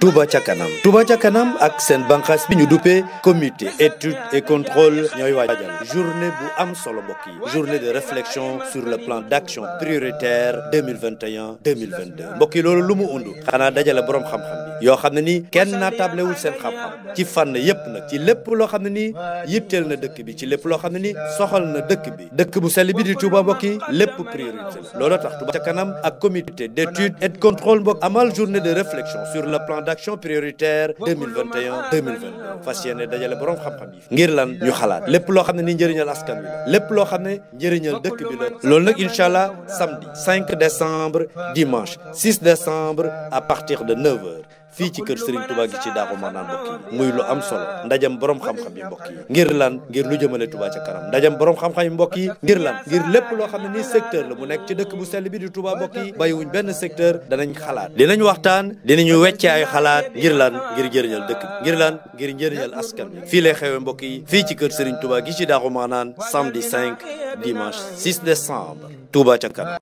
Touba ca kanam Touba ca kanam ak seen banqaas bi ñu duppee comité étude et contrôle ñooy waajal journée bu am solo mbokk yi journée de réflexion sur le plan d'action prioritaire 2021 2022 mbokk yi loolu lu mu undu xanaa dajale boroom xam-xam yoo xam ne nii kenn naataablewul seen xam-xam ci fànn yépp nag ci lépp loo xam ne nii yitteel na dëkk bi ci lépp loo xam ne nii soxal na dëkk bi dëkk bu sell bi di Touba lépp priorité la looloo tax Touba ca kanam ak communité d'étude et de contrôle mbokk amal journée de réflexion sur le plan d'action prioritaire 2021 2022 fas yéene dajale borom xam-xam yi ngir lan ñu xalaat lépp loo xam ne nii njëriñal askan wi lépp loo xam ne njëriñal dëkk bi la loolu nag incha allah samedi 5 décembre dimanche 6 décembre à partir de 9 heures fii ci kër Serigne Touba gi ci Daaru Marnaan muy lu am solo ndajam borom xam-xam yi mbokk yi ngir lan ngir lu jëmale Touba ca kanam ndajam borom xam-xam mbokk yi ngir lan ngir lépp loo xam ne ni secteur la mu nekk ci dëkk bu sell bi di Touba mbokk yi bàyyiwuñ benn secteur danañ xalaat dinañ waxtaan dinañu weccee ay xalaat ngir lan ngir njëriñal dëkk ngir lan ngir njëriñal askan bi fii lay xewee mbokk yi fii ci kër Serigne Touba gi ci Daaru Marnaan samedi 5 dimanche 6 décembre Touba ca kanam